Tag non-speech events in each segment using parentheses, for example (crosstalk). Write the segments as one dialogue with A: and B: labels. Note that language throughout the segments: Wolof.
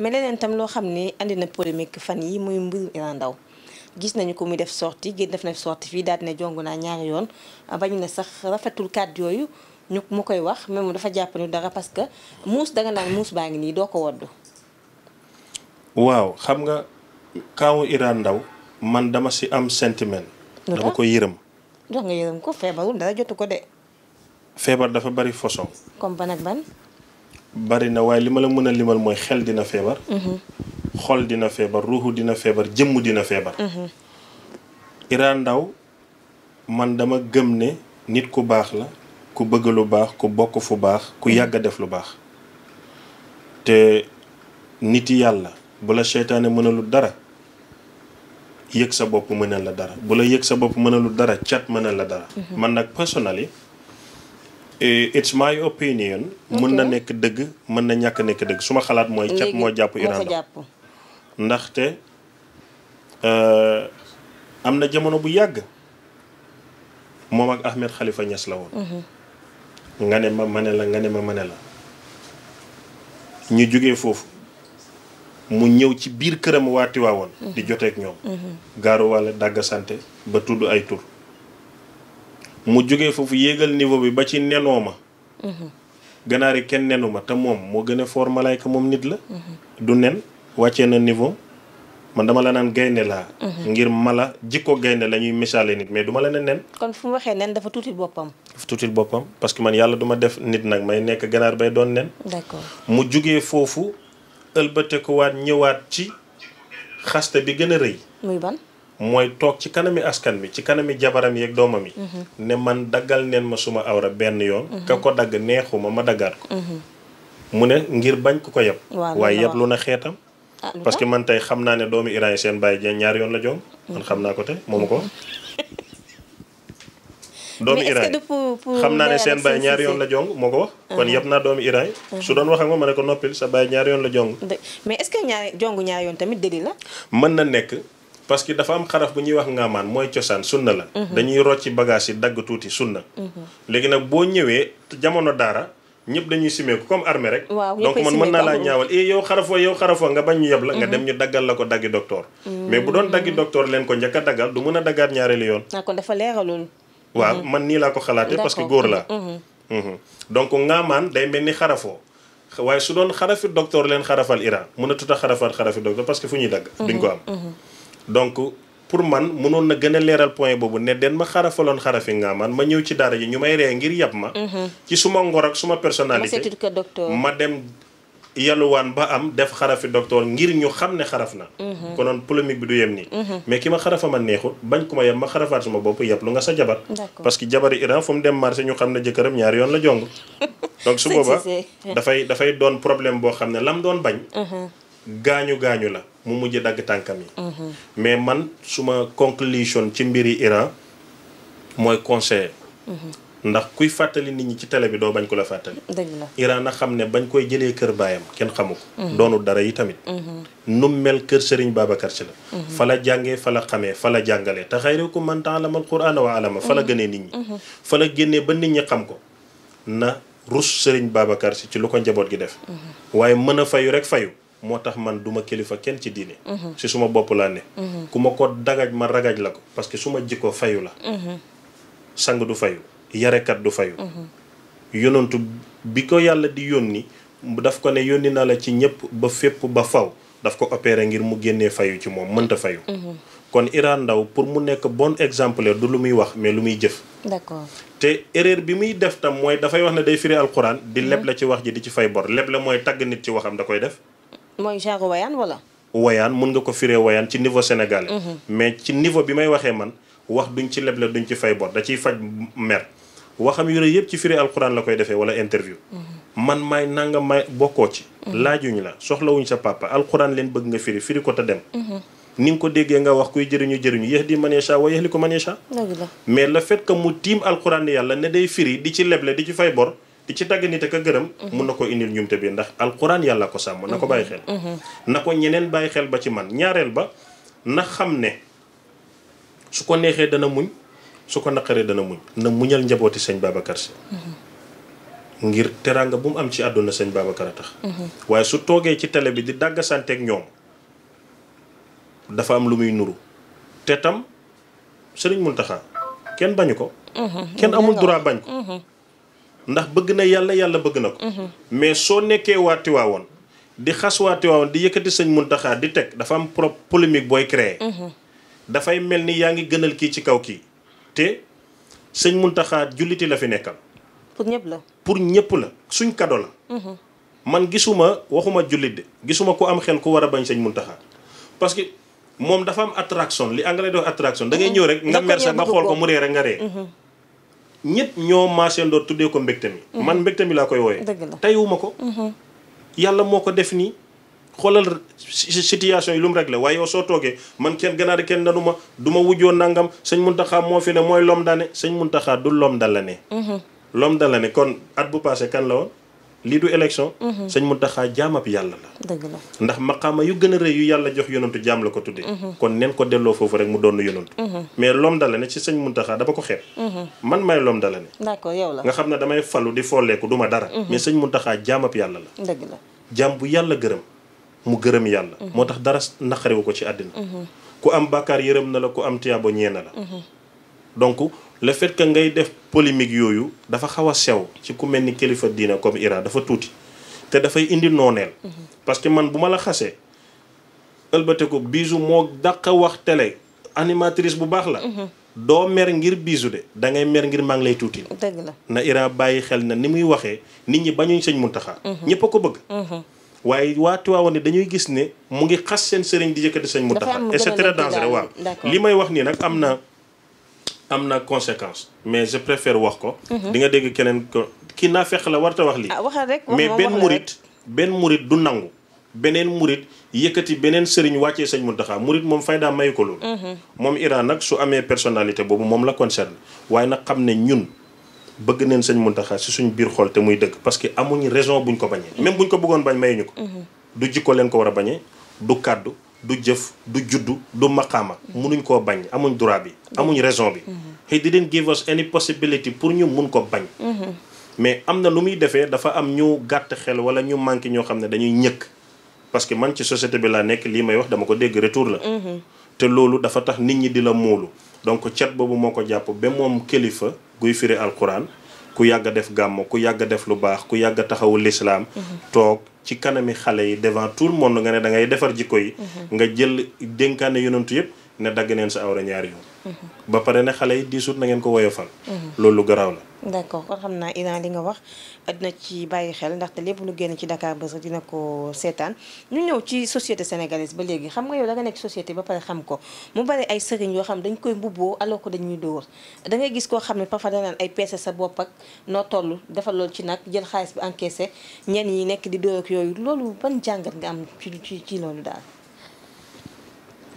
A: mais leneen tam loo xam ne andi na polémique fan yi muy mbirum Iran Ndao gis nañu ko muy def sortie génn def na sortie fii daal dina jong naa ñaari yoon bañu ne sax rafetul kàddu yooyu ñu mu koy wax même dafa jàpp dara parce que muus danga naan muus baa ngi nii doo ko woddu
B: waaw xam nga kaawu Iran Ndao man dama si am sentiment dama ko yërëm
A: dox nga yërëm ko feebarul dara jotu ko de
B: feebar dafa bari façon
A: comme ban ak ban
B: bari na waaye li ma la mën a limal mooy xel dina feebar. Mhm. xol dina feebar ruuxu dina feebar jëmm dina feebar. Mhm. Ira Ndaw man dama gëm ne nit ku baax la ku bëgg lu baax ku bokk fu baax ku mhm. yàgg def lu baax te nit yàlla bu la seytaane mënalul dara yëg sa bopp mënal la dara bu la sa bopp mënalul dara cat mënal la dara. man nag personnellement Eh, it's my opinion. mën na nekk dëgg mën na ñàkk nekk dëgg suma xalaat mooy. cat moo jàpp Iran ndaxte eh, am na jamono bu yàgg moom ak Ahmed xalifa ñas la woon. Mhm. nga ne ma mane la nga ne ma mane la ñu jógee foofu mu ñëw ci biir këram waati waawoon mhm. di joteeg ñoom. Mhm. gaaruwaale dàgg ba tudd ay tur. mu jógee foofu yéegal niveau bi ba ci nenoo ma ganaar yi kenn nenu ma te moom moo gën a foor malaayka moom nit la du nen wàccee na niveau man dama la naan gaynde laa ngir mala jikko gaynde lañuy ñuy misaale nit mais duma leen la ne nen
A: kon fu mu waxee nen dafa tuuti boppam
B: dafa tuutil parce que man yàlla duma def nit nag may nekk ganaar bay doon nen d'accord mu jóge foofu ëlbatekuwaat ñëwaat ci xaste bi gën a rëy mooy toog ci kanami askan bi ci kanami jabaram yeeg doomam yi. Mhm. ne man daggal neen ma suma awra benn yoon. Mhm. ka ko dagg neexuma ma daggaat ko. Mhm. mu ne ngir bañ ko ko yab. waaye na xeetam. Ah, parce que man tey xam naa ne doomu Iran yi seen bàyyi ñaar yoon la joom naa ko tey moomu ko. (laughs) doomu Iran
A: xam naa ne seen baay yoon la
B: moo ko wax. kon yëpp naa doomu Iran su doon wax ma ma ne ko noppil sa baay ñaari yoon la jong.
A: mais est-ce que yoon tamit dëgg la.
B: mën na nekk parce que dafa am xaraf bu ñuy wax ngaamaan mooy cosaan sunna la. Mhm. dañuy rocci bagage yi dagg tuuti sunna. Mhm. léegi nag boo ñëwee jamono daara ñëpp dañuy simeeku comme armée rek. donc man mën naa laa ñaawal eh yow xarafoo yow xarafoo nga bañ ñu yeb la. nga mhm. dem ñu daggal la ko daggi docteur. mais bu doon daggi docteur leen ko njëkk daggal du mën a daggaat ñaareelu yoon.
A: Ah, kon dafa leeralul.
B: waaw man nii laa ko xalaatee parce que góor laa. donc ngaamaan day mel ni xarafoo. waaye su doon xarafi docteur leen xarafal Iran mën a tuta xarafal xarafi docteur parce que fu ñuy dagg. duñ ko am donc pour man mënoon na gën a leeral point boobu ne den ma xarafaloon xarafi nga man ma ñëw ci daara ji ñu may ree ngir yab ma. Mhm. ci suma ngor ak suma personnalité ma dem yaluwaan ba am def xarafi docteur ngir ñu xam ne xaraf na. Mhm. konoon polémique bi du yem nii. Mhm. mais ki ma xarafa ma neexut bañ ku ma yab ma xarafaat suma bopp yab lu nga sa jabar. parce que jabari Iran fu mu dem marché ñu xam ne jëkkëram ñaar yoon la jong. (laughs) donc su booba dafay dafay doon problème boo xam ne lam doon bañ. gaañu gaañu la. mu mujj dagg tànkam yi. Mhm. mais man suma conclusion ci mbiri Iran mooy conseiller. Mhm. ndax kuy fàttali nit ñi ci télé bi doo bañ ko la fàttali. dëgg la Iran na xam ne bañ koy jëlee kër baayam kenn xamu ko. Mhm. doonul dara yi tamit. nu mel kër Serigne Babacar Sy la. fa la jàngee fa la xamee fa la jàngalee te xayrukum man ta'allama al-Qur'ana wa 'allama fa la gënee nit ñi. fa la génnee ba nit ñi xam ko na rus Serigne Babacar ci lu ko njaboot gi def. waaye mën a fayu rek fayu. moo tax man du ma kilifa kenn ci diine. si mhm. suma bopp laa ne. Mhm. ku ma ko dagaj ma ragaj la ko parce que su ma jikko fayu la. Mhm. sang du fayu yarekat du fayu. yonantu bi ko yàlla di yónni daf ko ne yónni naa la ci ñëpp ba fépp ba faw daf ko opéré ngir mu génnee fayu ci moom mënta fayu. kon iraan ndaw pour mu nekk bon exemple du lu muy wax mais lu muy jëf. d'accord te erreur bi muy def tam mooy dafay wax ne day firi alxuraan. di leble ci wax ji di ci fay bor leble mooy tagg nit ci waxam da koy def.
A: mooy genre wayaan wala.
B: wayaan mun nga ko firee wayaan ci niveau sénégalais. Mhm. mais ci niveau bi may waxee man wax duñ ci leble duñ ci fay bor da ciy faj mer. waxam yu rëy yëpp ci firi alxuraan la koy defee wala interview. Mhm. man maay nangam maay bokkoo ci. Mhm. laajuñ la soxlawuñ sa papa alxuraan leen bëgg nga firi firi ko te dem. ni nga ko déggee nga wax kuy jëriñu jëriñu yahdi man yasha wa yahliku man yasha mais le fait que mu tiim alxuraan yàlla ne day firi di ci leble di ci fay bor. ki ci tagg nit ak a gërëm mhm. mun na ko indil njuumte bi ndax alquran yàlla ko sàmm na ko bàyyi xel mhm. Mhm. na ko ñeneen bàyyi xel ba ci man ñaareel ba na xam ne su ko neexee dana muñ su ko naqaree dana muñ na muñal njabooti sëñ Babacar Si ngir teraanga bu mu am ci àdduna sëñ Babacar a tax waaye su toogee ci tele bi di dàgg santeek ñoom dafa am lu muy nuru te tam sëriñ Muntaxa kenn bañu ko
C: kenn amul droit bañ ko
B: ndax bëgg na yàlla yàlla bëgg na ko. Mhm. mais soo nekkee waa Tiwaawoon di xas waa Tiwaawoon di yëkkati sëñ Muntaxa di teg dafa am pro polémique booy créer. Mhm. dafay mel ni yaa ngi gënal kii ci kaw kii te sañ sëñ Muntaxa julliti la fi nekkal. pour ñëpp la la suñ kado la. Mhm. man gisuma waxuma jullit de gisuma ku am xel ku war a bañ sëñ Muntaxa parce que moom dafa am attraction li anglais doo attraction da ngay ñëw rek. nga mer sa nga xool ko mu ree rek nga ñëpp ñoo marchandoo tuddee ko mbégte mi. Mhm. man mbégte mi laa koy wooyee. dëgg la teyuma ko. Mhm. yàlla moo ko def nii xoolal situation yi lu mu réglé waaye yow soo toogee man kenn ganaar kenn danu ma du ma wujjoo nangam sëñ Muntaxa moo fi ne mooy lom daane sëñ Muntaxa du lom dal la ne. Mhm. lom dal la ne kon at bu passé kan la woon. lii du élection. Mhm. sëñ Muntaxa jaamab yàlla la. dëgg la ndax maqaama yu gën a rëy yu yàlla jox yonantu jaam la ko tuddee. Mhm. kon nen ko delloo foofu rek mu doon yonantu. Mhm. mais lom dala ne ci sëñ Muntaxa dama ko ne.
A: d'accord yow la nga xam
B: ne damay falu di folleeku du ma dara. mais sëñ Muntaxa jaamab yàlla la. dëgg la jaam bu yàlla gërëm mu gërëm yàlla. moo tax dara naqariwu ko ci àddina. ku am bàkkaar yërëm na la ku am tiyaabo ñee na la. donc le fait que ngay def polémique yooyu dafa xaw sew ci ku mel ni kilifa diina comme Iran dafa tuuti te dafay indi nooneel. parce que man bu ma la xasee ëlbateeku bisu moo daq wax télé animatrice bu baax la. Mhm. doo mer ngir bisu de da ngay mer ngir maa ngi lay tuuti. dëgg la na Iran bàyyi xel na ni muy waxee nit ñi bañuñ sëñ Muntaxa. Mhm. ñëpp a ko bëgg. Mhm. waaye waa Tiwaawan ne dañuy gis ne mu ngi xas seen sëriñ di yëkkati sëñ Muntaxa. et c'est très dangereux li may wax nii nag am am na conséquence mais je préfère wax ko. Mhm. di nga dégg keneen ko kii naa fekk la warta wax lii. Ah,
A: mais benn murit
B: benn murit du nangu. beneen murit yëkkati beneen sëriñ wàccee sëñ Muntaxa murit moom fayda mayu ko loolu. Mhm. moom Iran nag su amee personalité boobu moom la concerne waaye nag xam ne ñun. bëgg neen sëñ Muntaxa si suñ biir xool te muy dëgg parce que amuñ raison buñ ko bañee même buñ ko bëggoon bañ mayuñu ko. Mhm. du jikko leen ko war a bañee du kàddu. du jëf du juddu du maqaama mënuñ koo bañ amuñ droit bi amuñ raison bi he didn't give us any possibility pour ñu mun ko bañ mais am na lu muy defee dafa am ñu gàtt xel wala ñu manqué ñoo xam ne dañuy ñëkk parce que man ci société bi laa nekk lii may wax dama ko dégg retour la te loolu dafa tax nit ñi di la móolu donc cat boobu moo ko jàpp be moom kilifa guy firi alquran ku yàgg def gàmm ku yàgg def lu baax ku yàgg a taxawu lislaam toog ci kanami xale yi devant tout le nga ne da ngay defar jikko yi. Mhm. nga jël dénkaane yonantu yëpp ne dagg neen sa awra ñaari yoon. Mhm. ba pare ne xale yi diisut na ko woyofal. Mhm. loolu garaaw la.
A: d'accord kon xam naa Iran li nga wax dina ci bàyyi xel ndaxte lépp lu génn ci ba sa Buzz dina ko seetaan ñu ñëw ci société sénégalaise ba léegi xam nga yow da nga nekk société ba pare xam ko mu bari ay sëriñ yoo xam dañ koy mbubboo alors que dañuy dóor dangay gis koo xam ne parfois danaan ay peese sa bopp noo tollu defal loolu ci nag jël xaalis bi encaissé ñenn yi nekk di dóor ak yooyu loolu ban jàngat nga am ci ci ci loolu daal.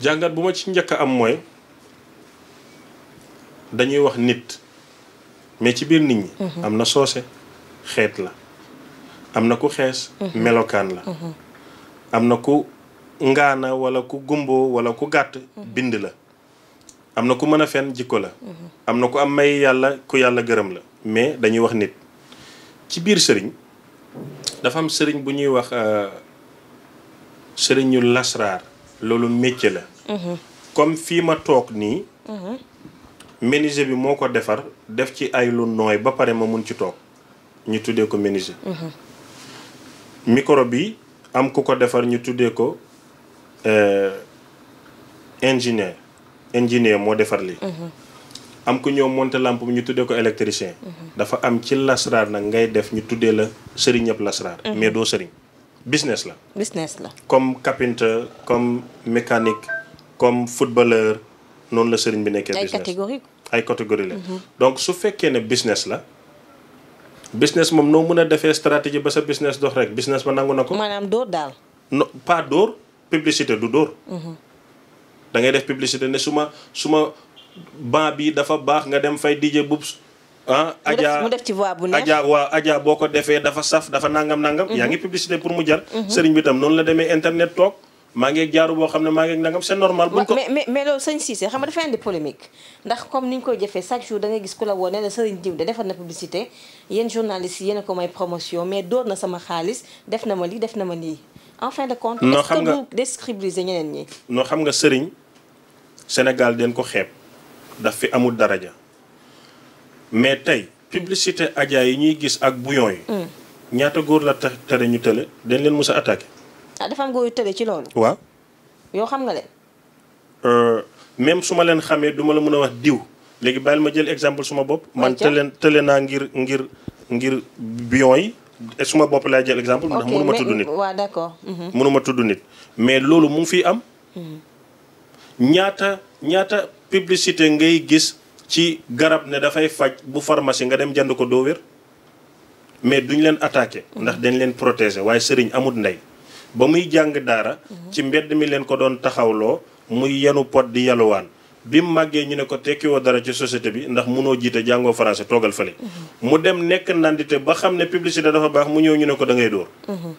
B: jàngat bu ma ci njëkk am mooy wax nit. mais ci biir nit ñi. Mhm. am na soose xeet la am na ku xees. Mhm. melokaan la. Mhm. am na ku ngaana wala ku gumbo wala ku gàtt bind la. am na ku mën a fen jikko la. am na ku am may yàlla ku yàlla gërëm la. mais dañuy wax nit ci biir sëriñ dafa am sëriñ bu ñuy wax euh, sëriñu lasraar loolu métier la. comme fii ma toog nii. menuisier bi moo ko defar def ci ay lu nooy ba pare ma mun ci toog ñu tuddee ko menuisier. micro bi am ku ko defar ñu tuddee ko euh, ingénieur ingénieur moo defar lii. am ku ñëw monter lampe bi ñu tuddee ko électricien. dafa am ci lasraar nag ngay def ñu tuddee la sëriñ ñëpp lasraar. Mhm. mais doo sëriñ business la. business la comme carpenter comme mécanique comme footballeur noonu la sëriñ bi nekkee.
A: business
B: ay catégorie la mhm. donc su fekkee ne business la business moom noo mën a defee stratégie ba sa business dox rek business ba nangu na ko. maanaam dóor daal. non pas dóor publicité du dóor. Mhm. dangay def publicité ne su ma su ma ban bi dafa baax nga dem fay DJ Boubs ah Adja mu def ci bu neex waa Adja boo ko defee dafa saf dafa nangam nangam. yaa ngi mhm. publicité pour mu jal sëriñ bi tam noonu la demee internet toog. maa ngi jaaru boo xam ne maa ngi nangam c'est normal. buñ ko mais mais
A: mais loolu sëñ Cissé xam nga dafay andi polémique ndax comme ni ñu koy jëfee chaque jour da ngay gis ku la woo ne la sëriñ diw de defar na publicité yéen journaliste yéen a ko may promotion mais door na sama xaalis def na ma lii def na ma lii en fin de compte. noo xam nga est-ce que du déstabiliser ñeneen ñi.
B: noo xam nga sëriñ Sénégal den ko xeeb daf fi amul daraja mais tey publicité Adja yi ñuy gis ak bouillon yi. Mm. ñaata góor la tere ñu tële dañ leen mës a attaqué.
A: ah dafa am góor yu ci loolu. waaw. yow xam nga leen.
B: Euh, même su ma leen xamee du ma la mën a wax diw léegi bàyyil ma jël exemple suma bopp. man tële tële naa ngir ngir ngir bion yi. suma bopp laay jël exemple. ndax mënu ma tudd nit
A: waaw d'accord. Mhm. mënu
B: ma tudd mais loolu mu ngi fii am. Mhm. ñaata ñaata publicité ngay gis ci garab ne dafay faj bu pharmacie nga dem jënd ko doo wér mais duñ leen attaqué. Mhm. ndax dañ leen protégé waaye sëriñ amut ndey. ba muy jàng daara ci mbedd mi leen ko doon taxawloo muy yenu pot di yaluwaan bi mu màggee ñu ne ko tekkiwoo dara ci société bi ndax munoo jiite jàngoo français toogal fële mhm. mu dem nekk nandite ba xam ne publicité dafa baax mu ñëw ñu ne ko da ngay dóor mhm.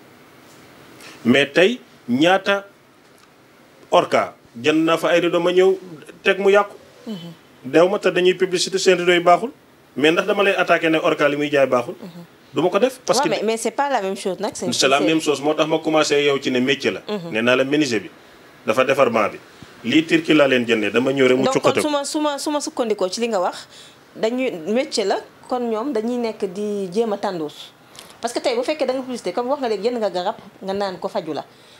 B: mais tey ñaata orka jënd naa fa ay rido ma ñëw teg mu yàqu mhm. dew ma te dañuy publicité seen rido yi baaxul mais ndax dama lay attaqué ne orca li muy jaay baaxul duma ko def. parce que mais
A: mais c'est pas la même chose nag. c'est la même
B: chose moo tax ma commencé yow ci ne métier la. Mhm. nee naa la menuisier bi dafa defar ban bi. lii turki laa leen jënde dama ñëw rek mu cuqate donc
A: kon su ma su ma sukkandikoo ci li nga wax dañuy métier la kon ñoom dañuy nekk di jéem a tàndoos parce que tey bu fekkee da nga publicité comme wax nga léegi jënd nga garab nga naan ko faju la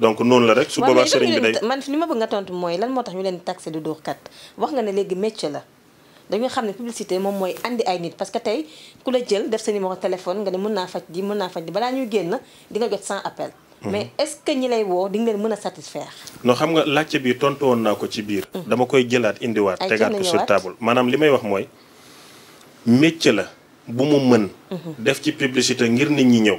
B: donc noonu la rek su boobaa sëriñ bi day man
A: li ma bëgg nga tontu mooy lan moo tax ñu leen taxé du dóorkat wax nga ne léegi métier la dañu xam ne publicité moom mooy andi ay nit parce que tey ku la jël def sa numéro téléphone nga ne mën naa faj di mën naa faj di balaa ñuy génn di jot sans appel mhm. mais est ñi lay woo di nga leen mën a satisfaire
B: non xam nga laajte bi tontu woon naa ko ci biir mhm. dama koy jëlaat indiwaat tegaat ko sur table maanaam li may wax mooy métier la bu mu mën mhm. def ci publicité ngir nit ñi ñëw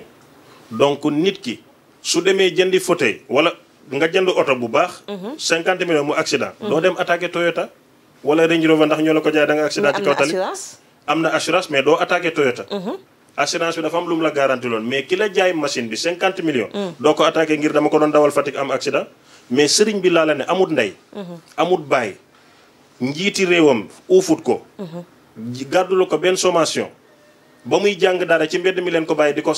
B: donc nit ki su demee jëndi fauteuil wala nga jënd oto bu baax. 50 mhm. millions mu accident. Mhm. doo dem attaqué Toyota. wala Range Rover ndax ñoo la ko jaay da nga accident. ci kaw tali am na assurance mais doo attaqué Toyota. Mhm. assurance bi dafa am lu mu la garanti loon mais ki la jaay machine bi 50 doo ko attaqué ngir dama ko doon dawal Fatick am accident. mais sëriñ bi laa la ne amut ndey. amut baay njiiti réewam uufut ko. gàddulu ko benn sommation ba muy jàng dara ci mbedd mi leen ko bàyyi di ko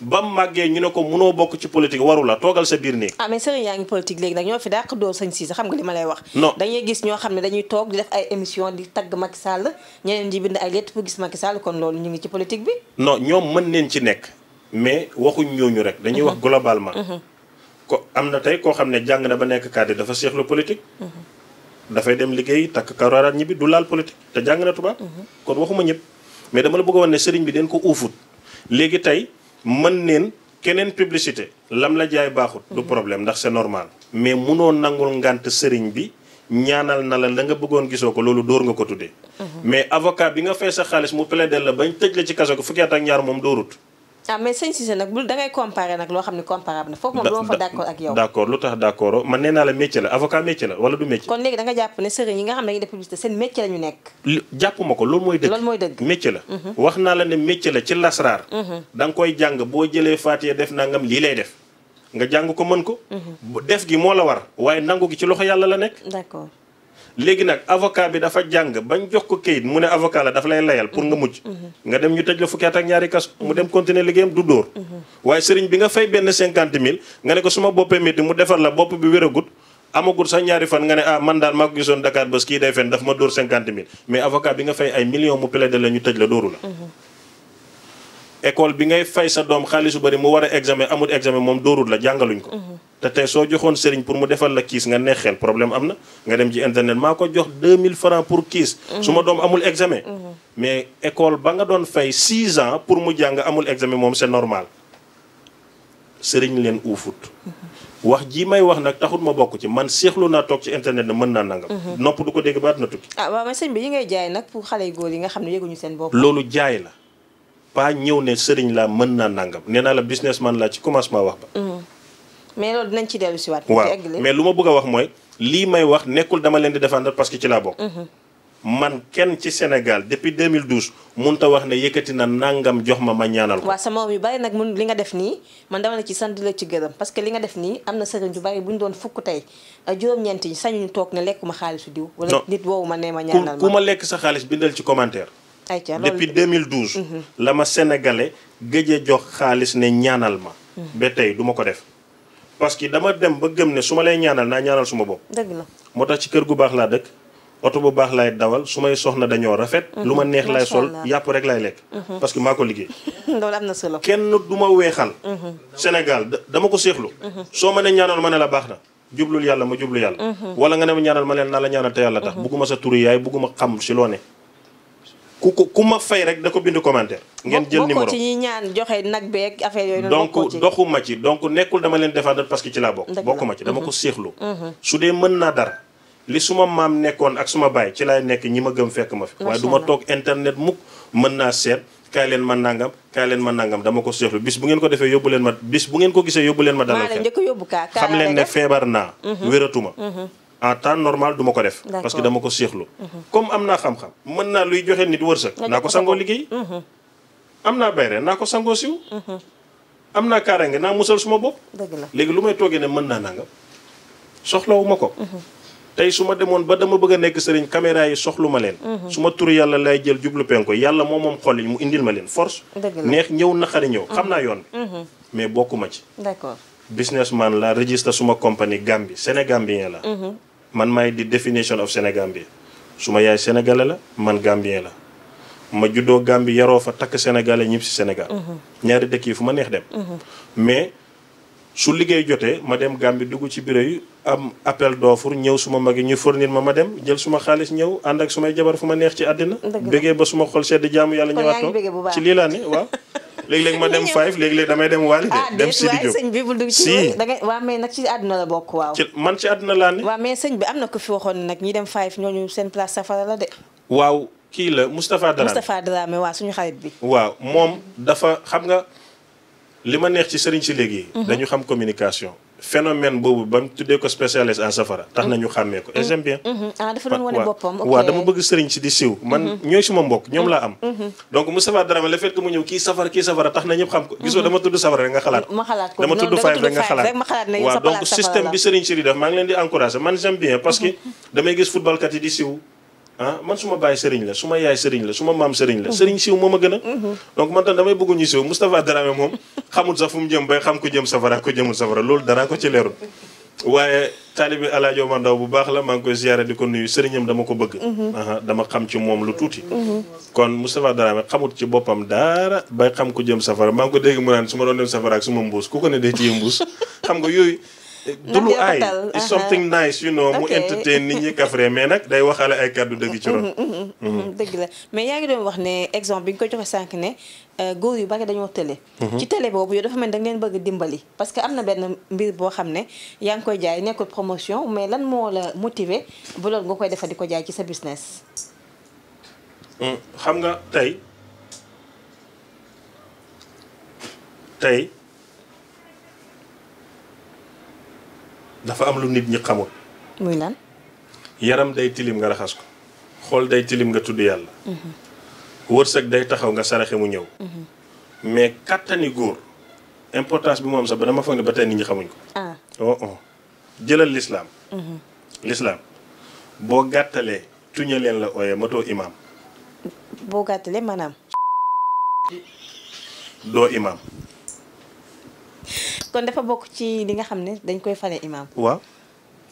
B: ba mu màggee ñu ne ko munoo bokk ci politique waru la toogal sa biir néeg.
A: ah mais sëriñ yaa ngi politique léegi nag ñoo fi dàq doo sañ Cissé xam nga li ma lay wax. non dañuy gis ñoo xam ne dañuy toog di def ay émission di tagg Macky Sall ñeneen di bind ay lettres pour gis Macky Sall kon loolu ñu ngi ci politique bi.
B: non ñoom mën neen ci nekk mais waxuñ ñooñu rek. dañuy wax mhm. globalement. Mhm. ko am na tey koo xam ne jàng na ba nekk cadre dafa seexlu politique. Mhm. dafay dem liggéey takk karoaraat ñibbi du laal politique te jàng na tubaab. kon waxuma ñëpp mais dama la bëgg a wax ne sëriñ bi den ko uufut léegi tey mën neen keneen publicité lam la jaay baaxut du mhm. problème ndax sa normal mais munoo nangul ngant sëriñ bi ñaanal na la la nga bëggoon gisoo ko loolu dóor nga ko tuddee mhm. mais avocat bi nga fay sa xaalis mu plaider la bañ tëj la ci kaso ko fukki at ak ñaar moom dóorut
A: ah mais sëñ Cissé nag bul da ngay comparé nag loo xam ne comparable na foofu moom doo fa d'accord ak yow
B: d'accord lu tax d'accord man nee naa la métier la loolu mooy dëgg loolu la mhm. wax naa la ne métier la ci lasraar mhm. da koy jàng boo jëlee Faatiya def nangam lii lay def nga jàng ko mën ko mhm. def gi moo la war waaye nangu gi ci loxo yàlla la nekk léegi nag avocat bi dafa jàng bañ jox ko kayit mu ne avocat la dafa lay layal pour nga mhm. mujj mhm. nga dem ñu tëj la fukki at ak ñaari kas mu dem continuer liggéeyam du dóor mhm. waaye sëriñ bi nga fay benn cinquante mille nga ne ko suma boppee métti mu defar la bopp bi wéragut amagut sax ñaari fan nga ne ah man daal ma ko gisoon Dakar bés kii day fen daf ma dóor cinquante mille mais avocat bi nga fay ay millions mu plaider la ñu tëj la dóoru la école bi ngay fay sa doom xaalis bu bari mu war a examen amul examen moom dóorul la jàngaluñ ko. Mhm. te tey soo joxoon sëriñ pour mu defal la kiis nga neexeel problème am na nga dem ci internet maa ko jox 2000 francs pour kiis. Mhm. su ma doom amul examen. Mhm. mais école ba nga doon fay 6 ans pour mu jàng amul examen moom c'est normal sëriñ leen uufut. wax jii may wax nag taxul ma bokk ci man seexlu naa toog ci internet na mën naa nangam. nopp du ko dégg baat na tukki.
A: ah waaw mais sëñ bi yi ngay jaay nag pour nga xam ne seen bopp.
B: loolu jaay la. pas ñëw ne sëriñ laa mën naa nangam ne naa la businessman laa ci commencement wax ba.
A: Mm-hmm. mais loolu dinañ ci dellu si waat. waaw mais
B: lu ma bëgg a wax mooy. lii may wax nekkul dama leen di défendre parce que ci laa bokk. Mm-hmm. man kenn ci Sénégal depuis mille 2012 mënut a wax ne yëkkati na nangam jox ma ma ñaanal ko.
A: waaw sama yu bari nag mun li nga def nii man dama la ci sant ci gërëm parce que li nga def nii am na sëriñ yu bari bu ñu doon fukk tey ah, juróom-ñeent yi sañuñu toog ne lekk ma xaalisu diw. wala nit woowu ma nee ma ñaanal ma
B: lekk sa xaalis bindal ci commentaire.
A: ayca loolu depuis
B: 2012. Mm-hmm. la ma sénégalais gëj a jox xaalis ne ñaanal ma. Mm-hmm. ba tey du ma ko def. parce que dama dem ba gëm ne su ma lay ñaanal naa ñaanal suma bopp. dëgg la moo tax ci kër gu baax laa dëkk oto bu baax laay dawal su may soxna dañoo rafet. Mm-hmm. lu ma neex laay sol yàpp rek laay lekk. parce que maa ko liggéey.
A: (laughs) loolu am na solo
B: kenn du ma weexal. Sénégal dama ko seexlu. soo ma ne ñaanal ma la baax na. jublul yàlla ma jublu yàlla. wala nga ne ma ñaanal ma ne naa la ñaanal te yàlla tax. bugguma sa turu yaay bugguma xam si loo ne. ku ko ku ma fay rek da ko bind commentaire. ngeen jël numéro bokk ci
A: ñi ñaan joxe nag beeg affaire yooyu donc
B: doxuma ci donc nekkul dama leen défendre parce que ci laa bokk. bokkuma ci dama ko mhm. séexlu. Mhm. su dee mën naa dara li suma maam nekkoon ak suma baay ci laay nekk ñi ma gëm fekk ma fi. waaye du ma toog internet mukk mën naa seet kaay leen ma nangam kaay leen ma nangam dama ko séexlu bis bu ngeen ko defee yóbbu leen ma bis bu ngeen ko gisee yóbbu leen ma. dalal kenn xam leen ne feebar naa. Mhm. wératuma en temps normal duma ko def. parce que dama ko séexlu. comme am naa xam-xam mën naa luy joxe nit wërsëg. naa ko sangoo liggéey. Mm-hmm. am naa bayre naa ko sangoo siw. am naa kaaraange naa musal suma bopp. léegi lu may toogee ne mën naa nangam soxlawu ma ko. tey su ma demoon ba dama bëgg a nekk sëriñ caméra yi soxlu ma leen. Mm-hmm. su ma turu yàlla lay jël jublu penko yàlla moo moom xol yi mu indil ma leen force. neex ñëw naqari ñëw xam mm-hmm. naa yoon bi. mais bokkuma ci. d'accord businessman la registre suma compagnie Gambie Sénégambien la. man maay di definition of bi su ma yaay sénégalais la man gambien la ma juddoo Gambie yaroo fa takk sénégalais ñib si Sénégal. Mhm. ñaari dëkk yi fu ma neex dem. Mhm. mais su liggéey jotee ma dem Gambie dugg ci bureau yi am appel d'offre ñëw suma mag yi ñu fournir ma ma dem jël suma xaalis ñëw ànd ak sumay jabar fu ma neex ci àddina. bëggee ba suma xol sedd jaamu yàlla ñëwaat toog ci lii laa ne waaw. (laughs) léeg-léeg ma dem Five léeg-léeg damay dem Wally de ah, dem Sidi Diop sëñ
A: bi bul dugg ci nag ci àdduna la bokk waaw ci man ci àdduna laa ne waaw mais sëñ bi am na ko fi waxoon nag ñi dem Five ñooñu seen place safara la de
B: waaw kii la Moustapha Dramé Moustapha
A: Dramé waaw suñu xarit bi
B: waaw moom dafa xam nga li ma neex ci sëriñ si léegi mhm. dañu xam communication phénomène boobu ba mu tuddee ko spécialiste en safara tax mm. na ñu xàmmee ko et j'aime bien.
A: Mm-hmm. Mm-hmm. Ah, dafa doon wane boppam. waaw dama bëgg
B: sëriñ si di siiw. man mm-hmm. ñooy suma mbokk ñoom laa am. donc Moustapha Dramé le fait que mu ñëw kii safara kii safara tax na ñëpp xam ko. gisoo dama tudd safara rek nga xalaat ko. ma xalaat ko dama tudd faay rek nga xalaat waaw donc bi sëriñ si di def maa ngi leen di encouragé man j'aime bien damay gis footballkat yi di siiw ah man su ma baay sëriñ la su ma yaay sëriñ la su ma maam sëriñ la mm-hmm. sëriñ siiw moom a gën a mm-hmm. donc man tam damay bëgg ñu siiw Moustapha Dramé moom (laughs) xamul sax fu mu jëm bay xam ko jëm safara ko jëmul safara loolu dara ko ci leerul waaye taalibi bu baax la maa ngi koy di ko nuyu sëriñam dama ko bëgg mm-hmm. dama xam ci moom lu tuuti kon Moustapha Dramé xamut ci boppam daara bay xam ko jëm safara maa ngi ko dégg mu naan su ma doon dem safara ak su ma mbuus ku ko ne dee ci mbuus (laughs) xam nga yooyu du lu aay it's something nice you know mu entertain nit ñi kafre mais nag day waxale ay kàddu dëgg ci ron
A: mhm, mhm, mhm, dëgg la mais yaa ngi doon wax ne exemple bi nga ko joxe sànq ne euh, góor yu bari dañoo tële ci télé boobu yow dafa mel da nga leen bëgg dimbali parce que am na benn mbir boo xam ne yaa ngi koy jaay nekkul promotion mais lan moo la motiver ba loolu nga koy defa di ko jaay ci sa business
B: mm, xam nga tey tey dafa am lu nit ñi xamul. muy lan. yaram day tilim nga raxas ko. xool day tilim nga tudd yàlla. Mm-hmm. wërsëg day taxaw nga saraxe mu ñëw. Mm-hmm. mais kattani góor importance bi moom sax ba dama foog ne ba tey nit ñi xamuñ ko. ah oh oh jëlal lislaam. Mm-hmm. lislaam boo gàttalee tuña leen la ooyee matoo imaam.
A: boo gàttalee maanaam. doo imaam. kon dafa bokk ci li nga xam ne dañ koy fale imaam.
B: waaw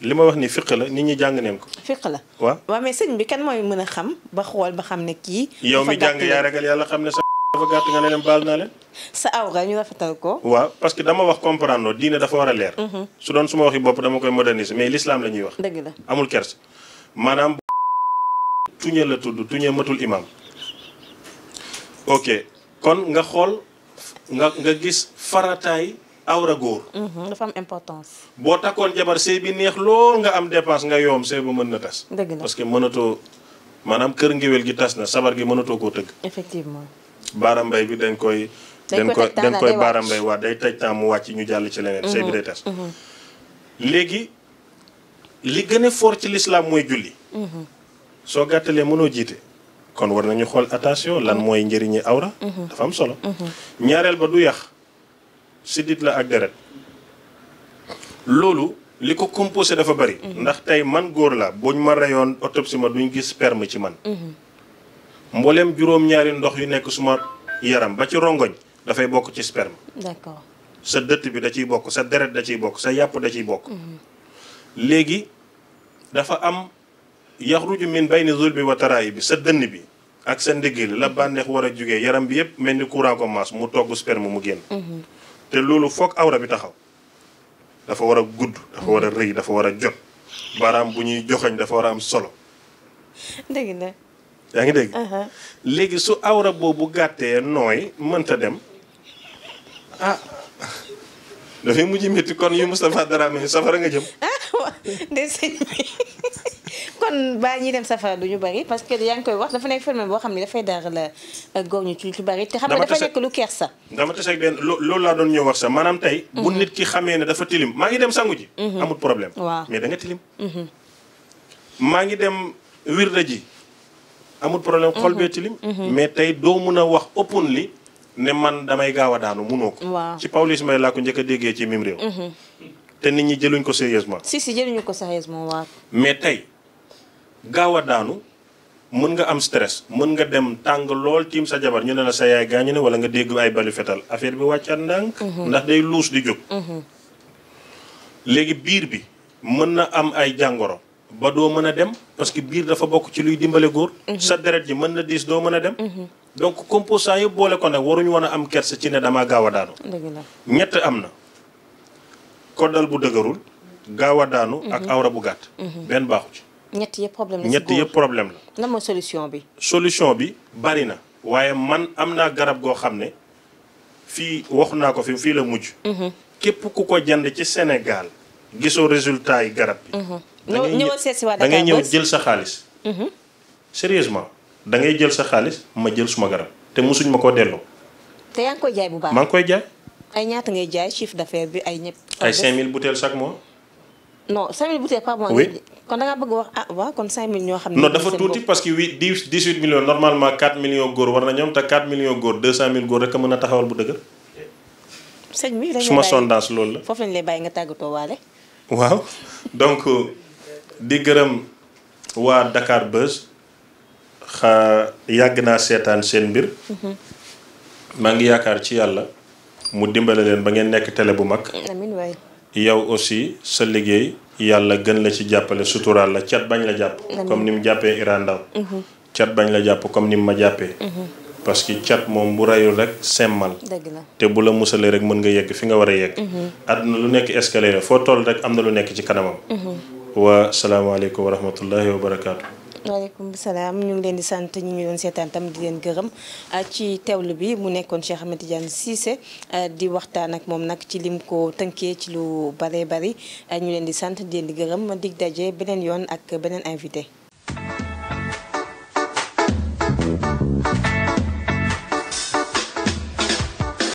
B: li ma wax ni fiq la nit ñi jàng neen ko. fiq la waaw.
A: waaw mais sëñ bi kan mooy mën a xam ba xool ba xam ne
B: kii. yow mi jàng yaa ragal yàlla xam ne sa (laughs) dafa
A: gàtt nga ñu rafetal
C: ko.
B: waaw parce que dama wax comprendre diine dafa war a leer. Mhm. su doon suma waxi bopp dama koy moderniser mais l'islam la ñuy wax. dëgg la amul kers maanaam. (laughs) tuñe la tudd tuñe matul imaam. ok kon nga xool. nga nga gis farataay awra góor.
A: Mhm, dafa am importance.
B: boo takkoon jabar sëy bi neex lool nga am dépense nga yoom sëy ba mën na tas. dëgg la que mënatoo maanaam kër ngéwél gi tas na sabar gi mënatoo koo tëgg. effectivement. baarambay bi dañ koy. dañ koy dañ koy baarambay waa day taj temps mu wàcc ñu jàll ci leneen. sëy bi mhm, day tas. Mhm. léegi li gën a fort ci lislaam mooy julli. soo gàttalee mënoo jiite. kon war nañu xool attention lan mooy njëriñi awra. dafa am solo. ñaareel ba du yax siddit la ak deret loolu li ko composé dafa bari. ndax tey man góor la buñ ma reyoon autopsie ma duñ gis sperme ci man. mboolem juróom-ñaari ndox yu nekk suma yaram ba ci rongoñ dafay bokk ci sperme. d'accord sa dëtt bi da ciy bokk sa deret da ciy bokk sa yàpp da ciy bokk. léegi dafa am yaxruju min bayni zulbi wa taraayi bi sa dënn bi ak sa ndigg la bànneex war a jóge yaram bi yëpp mel ni courant commence mu togg sperme mu génn. Mhm. te loolu foog awra bi taxaw. dafa war a gudd dafa war a dafa war a jot baaraam bu ñuy joxoñ dafa war a am solo. dëgg yaa ngi dégg. Uh-huh. léegi su awra boobu gàttee nooy mënta dem ah. dafay mujj métti kon yu Moustapha Dramé safara nga jëm.
C: (laughs) Ah,
A: (laughs) kon baa ñi dem safara du ñu bari parce que yaa ngi koy wax dafa nekk phénomène boo xam ne dafay dara la euh, góor ñu ci lu bari te xam nga dafa lu keer sa
B: dama tase ak benn loolu laa doon ñëw wax sa maanaam tey bu mhm. nit ki xamee ne dafa tilim maa ngi dem sangu ji mhm. da nga tilim mhm. maa ngi dem wirda ji amul problème xol bee tilim mais tey doo mun a wax ëppoon li ne man damay gaaw a daanu munoo ko ci Pawlish Mbaye laa ko njëkk a déggee ci mim réew te nit ñi jëluñ ko sérieusement
A: si si jëluñu ko sérieusement waaw
B: mais tey gaaw a daanu mën nga am stress mën nga dem tàng lool tiim sa jabar ñu ne la sa yaay gaañu ne wala nga dégg ay balu fetal affaire bi wàccaat ndànk mhm. ndax day luus di jóg mhm. léegi biir bi mën na am ay jàngoro ba doo mën a dem parce que biir dafa bokk ci luy dimbale góor mhm. sa deret ji mën na diis doo mën a dem donc composant yëpp boole ko nag waruñu woon a am kersa ci ne damaa gaaw a daanu ñett am na koddal bu dëgërul gaaw a daanu ak awra bu gàtt benn baaxu ci
A: ñett yëpp problème la ñett yëpp problème la. lan mooy solution bi.
B: solution bi bari na. waaye man am naa garab goo xam ne fii wax naa ko fi fii la mujj. Mhm. képp ku ko jënd ci Sénégal. gisoo résultat yi garab
C: bi. Mhm.
A: da ngay ñëw da ngay ñëw
B: jël sa xaalis. Mhm. sérieusement dangay ngay jël sa xaalis ma jël suma garab te mosuñ ma koo delloo.
A: te yaa ngi koy jaay bu baax maa ngi koy jaay. ay ñaata ngay jaay chiffre d'affaires bi ay ñëpp. ay 5000
B: butéel chaque mois.
A: non 5000 bouteilles par mois. oui kon da bëgg wax ah waaw kon 5000 ñoo xam ne. non dafa tuuti
B: parce que huit dix dix huit millions normalement 4 millions góor war na ñoom te 4 millions góor 200000 góor rek a mën a taxawal bu dëgër.
A: sëñ bi dañuy suma loolu la. foofu lañ lay bàyyi nga tàggatoo waale.
B: waaw donc di gërëm waa dakaar Buzz xa yàgg naa seetaan seen mbir. Mhm. maa ngi yaakaar ci yàlla mu dimbale leen ba ngeen nekk télé bu mag. yow aussi sa liggéey yàlla gën la ci jàppale suturaal la cat bañ la jàpp comme ni mu jàppee Iran Ndaw mhm. cat bañ la jàpp comme ni mu ma jàppee mhm. parce que cat moom bu rayul rek semmal te bu la musalee rek mën nga yegg fi nga war a yegg mhm. àdduna lu nekk escalier la foo toll rek am na lu nekk ci kanamam waa salaamaaleykum wa rahmatullahi wa
A: waaleykum salaam ñu ngi leen di sant ñu ngi doon seetaan tam di leen gërëm ah, ci teewlu bi mu nekkoon Cheikh Ahmed Tidiane Cissé ah, di waxtaan ak moom nag ci lim ko tënkee ci lu bare bari ah, ñu leen di sant di leen di gërëm dig daje beneen yoon ak beneen invité.